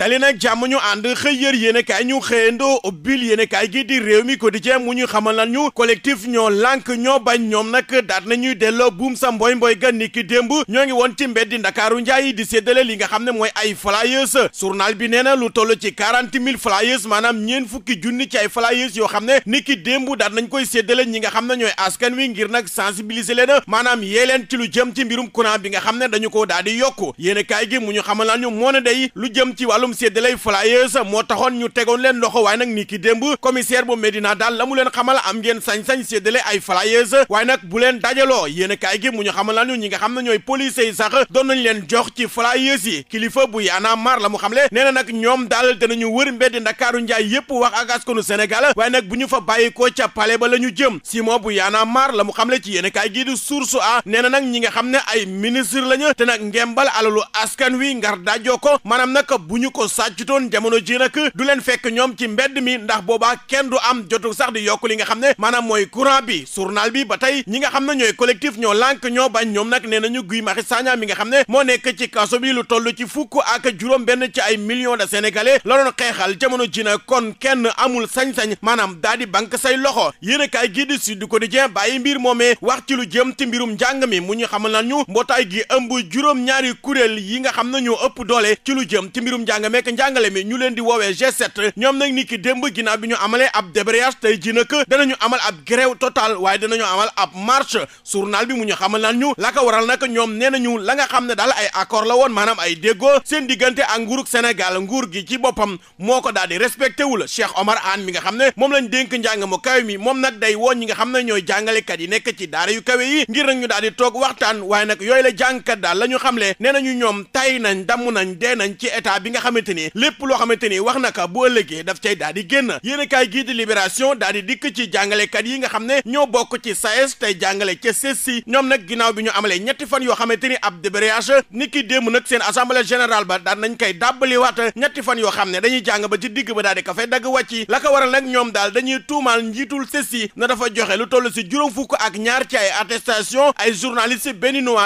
dali nag jàmm ñu ànd xëy yër yéen kaay ñu xëyandoo ubbil yéen kaay gi di réew mi quotidien mu ñu xamal lan ñu collectif ñoo lànk ñoo bañ ñoom na nag daat ñuy delloo buum sa mboy mboy gan ni ki démb ñoo ngi woon ci mbeddi ndakaaru njaay di séddale li nga xam ne mooy ay flyers journal bi nee na lu toll ci quarante mille flyers maanaam ñeen fukki junni ci ay flyers yoo xam ne ni ki démb daat nañ koy séddale ñi nga xam ne ñooy askan wi ngir nag sensibiliser leen maanaam yee ci lu jëm ci mbirum courant bi nga xam ne dañu ko daal di yokk yéen kaay gi mu ñu xamal lan moo ne day lu jëm ci wàllu wàllum séddalay flyers moo taxoon ñu tegoon leen loxo waaye nag ni ki démb commissaire bu Médina daal la mu leen xamal am ngeen sañ-sañ séddale ay flyers waaye bu leen dajaloo yéen a kaay gi mu ñu xamal nañu ñi xam ne ñooy police yi sax doon leen jox ci flyers yi bu yaana mar la mu xam le nee nag ñoom daal danañu wër mbeddi ndakaaru njaay yépp wax ak askanu Sénégal waaye nag bu ñu fa bàyyi ca palais ba jëm Simon bu yaana mar la a a ko sàccutoon jamono ji nag du leen fekk ñoom ci mbedd mi ndax booba kenn du am jotu sax di yokk li nga xam ne maanaam mooy courant bi journal bi ba tey ñi nga xam na ñooy collectif ñoo lànk ñoo bañ ñoom nag nee nañu Guy Marius Sagna mi nga xam ne moo nekk ci kaso bi lu toll ci fukk ak juróom benn ci ay millions de sénégalais la doon xeexal jamono ji nag kon kenn amul sañ-sañ maanaam daa di banque say loxo yéen a kaay gii di Sud Quotidien bàyyi mbir moomee wax ci lu jëm ci mbirum njàng mi mu ñu xamal nañu mbootaay gi ëmb juróom-ñaari kuréel yi nga xam ne ëpp doole ci lu jëm ci mbirum njàng njàng meek njàngale mi ñu leen di woowee G7 ñoom nag ni ki démb ginnaaw bi ñu amalee ab débrayage tey ji nag danañu amal ab grève total waaye danañu amal ab marche journal bi mu ñu xamal naan ñu la ko waral nag ñoom nee na nañu la nga xam ne daal ay accord la woon maanaam ay déggoo seen diggante ak nguurug Sénégal gi ci boppam moo ko daal di respecté wul Cheikh Omar Anne mi nga xam ne moom lañ dénk njàng mu kawe mi moom nag day woon ñi nga xam ne ñooy jàngalekat yi nekk ci daara yu kawe yi ngir nag ñu daal di toog waxtaan waaye nag yooyu la jàngkat daal la ñu xamle nee nañu ñoom tay nañ damm nañ dee nañ ci bi nga xam xamante ni lépp loo xamante ni na naka bu ëllëgee daf cay daal di génn yéen a kaay gii di libération daal di dikk ci jàngalekat yi nga xam ne ñoo bokk ci SAES e tey jàngale ca CES e si ñoom nag ginnaaw bi ñu amalee ñetti fan yoo xamante ni ab débrayage ni ki démb nag seen assemblée générale ba daan nañ koy dàbbaliwaat ñetti fan yoo xam ne dañuy jàng ba ci digg ba daal di ka fay dagg wàcci la ko waral nag ñoom daal dañuy tuumaal njiitul CES e si na dafa joxe lu toll si juróom fukk ak ñaar ci ay attestation ay journaliste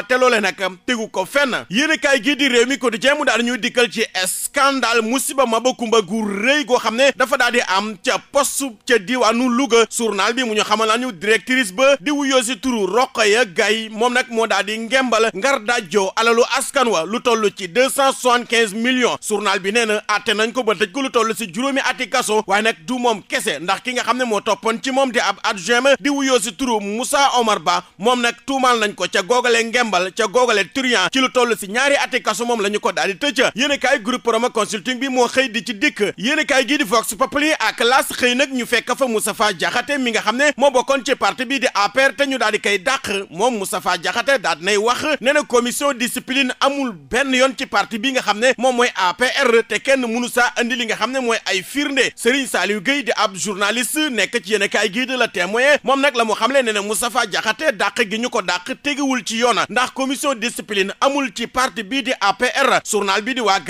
te loole nag tegu ko fenn yéen a kaay gii di réew mi quotidien mu daal ñuy dikkal ci es scandale musiba mabakumba gu rëy goo xam ne dafa daal di am ca poste ca diwaanu Louga journal bi mu ñu xamal nañu directrice ba di wuyoo si turu Rokhaya Gaye moom nag moo daal di ngembal ngar dajjoo alalu askan wa lu toll ci deux cent soixante-quinze millions journal bi nee na àtte nañ ko ba tëj ko lu toll si juróomi ati kaso waaye nag du moom kese ndax ki nga xam ne moo toppoon ci moom di ab adjoint di wuyoo si turu Moussa Omar Ba moom nag tuumaal nañ ko ca googale ngembal ca googale turian ci lu toll si ñaari ati kaso moom la ko daal di tëj yéen a kaay groupe Ibrahima consulting bi moo xëy di ci dikk yéenekaay gi di Vox Populi ak L'As xëy nag ñu fekk fa Moustapha Diakhaté mi nga xam ne moo bokkoon ci parti bii di APR te ñu daal di koy dàq moom Moustapha Diakhaté daal di nay wax nee na commission discipline amul benn yoon ci parti bii nga xam ne moom mooy APR te kenn munu saa andi li nga xam ne mooy ay firnde Serigne Saliou Gueye di ab journaliste nekk ci yéenekaay gi di La Témoin moom nag la mu xamle nee na Moustapha Diakhaté dàq gi ñu ko dàq tegiwul ci yoon ndax commission discipline amul ci parti bi di APR journal bi di waa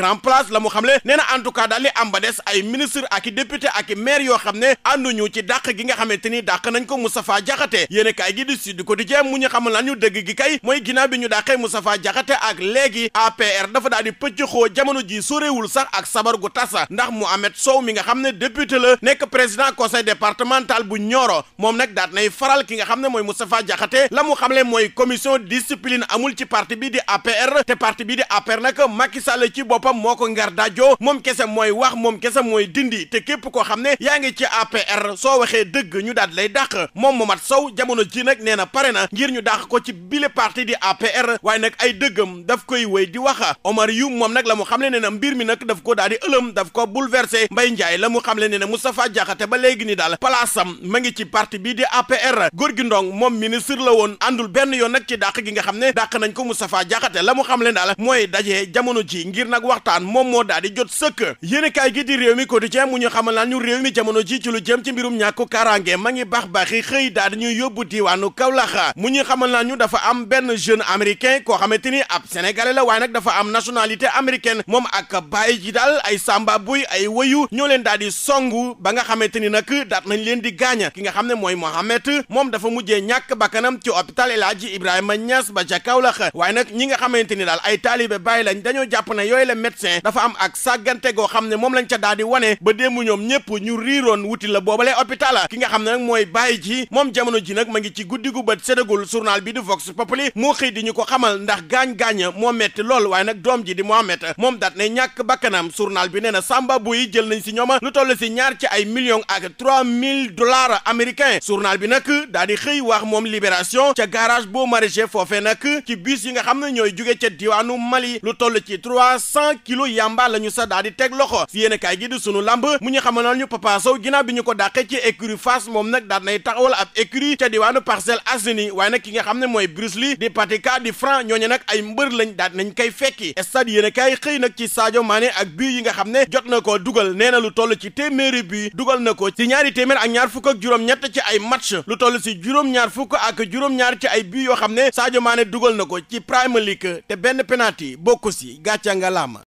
la mu xamle nee na en tout cas daal li am des ay ministre ak i député ak i maire yoo xam ne ànduñu ci dàq gi nga xamante ni dàq nañ ko Moustapha Diakhaté yéen kaay gi di Sud Quotidien mu ñu xamal la ñu dëgg gi kay mooy ginnaaw bi ñu dàqee Moustapha Diakhaté ak léegi APR dafa daal di pëcc xoo jamono ji soréewul sax ak sabar gu tasa ndax mu Mouhamed Sow mi nga xam ne député la nekk président conseil départemental bu Nioro moom nag daat nay faral ki nga xam ne mooy Moustapha Diakhaté la mu xamle mooy commission discipline amul ci parti bi di APR te parti bi di APR nag Macky Sall ci boppam moo ko ngar Cheikh moom kese mooy wax moom kese mooy dindi te képp koo xam ne yaa ngi ci APR soo waxee dëgg ñu daal lay dàq moom Momat Sow jamono ji nag nee na pare na ngir ñu dàq ko ci bile parti di APR waaye nag ay dëggam daf koy wéy di wax Omar yu moom nag la mu xam ne nee mbir mi nag daf ko daal di ëlëm daf ko bouleversé Mbaye Ndiaye la mu xam ne nee na Moustapha Diakhaté ba léegi ni daal palaasam ma ngi ci parti bii di APR gi Ndong moom ministre la woon àndul benn yoon nag ci dàq gi nga xam ne dàq nañ ko Moustapha Diakhaté la mu xam ne daal mooy daje jamono ji nag waxtaan moom moo daal jot sëkk yéenekaay gi di réew mi quotidien mu ñu xamal naan ñu réew mi jamono ji ci lu jëm ci mbirum ñàkku kaaraange ma ngi baax baaxi xëy daal di ñuy yóbbu diwaanu Kaolack mu ñu xamal naan ñu dafa am benn jeune américain koo xamante ni ab sénégalais la waaye nag dafa am nationalité américaine moom ak bàyyi ji daal ay samba buy ay wëyu ñoo leen daal di songu ba nga xamante ni nag daat nañ leen di gaaña ki nga xam ne mooy Mohamed moom dafa mujjee ñàkk bakkanam ci hôpital El Hadji Ibrahima Niass ba ca Kaolack waaye nag ñi nga xamante ni daal ay taalibe bàyyi lañ dañoo jàpp ne yooyu la médecin ak sàggante goo xam ne moom lañ ca daal di wane ba démb ñoom ñëpp ñu riiroon wuti la boobale hôpital ki nga xam ne nag mooy bàyyi ji moom jamono ji nag ma ngi ci guddi gu bët séddagul journal bi di Vox Populi moo xëy di ñu ko xamal ndax gaañ-gaañ moo metti lool waaye nag doom ji di Mohamed moom daat ne ñàkk bakkanam journal bi ne na Samba Boy jël nañ si ñooma lu toll si ñaar ci ay millions ak trois mil dollars américains journal bi nag daal di xëy wax moom libération ca garage boo maraîcher foofee nag ci bus yi nga xam ne ñooy jóge ca diwaanu Mali lu toll ci trois cent kilos yamba Ba la ñu sax daal teg loxo si yéen kaay gi di sunu lamb mu ñu xamanal ñu Papa Sow ginnaaw bi ñu ko dàqee ci écurie Fass moom nag daal nay taxawal ab écurie ca diwaanu Parcelles Assainies waaye nag ki nga xam ne mooy Bruce Lee di Patika di Franc ñooñu nag ay mbër lañ daal nañ koy fekki stade yéen kaay xëy nag ci Sadio Mané ak bii yi nga xam ne jot na ko dugal nee na lu toll ci téeméeri bi dugal na ko ci ñaari téeméer ak ñaar fukk ak juróom-ñett ci ay match lu toll si juróom-ñaar fukk ak juróom-ñaar ci ay bi yoo xam ne Sadio Mané dugal na ko ci Premier League te benn penalty bokku si gàcca nga laama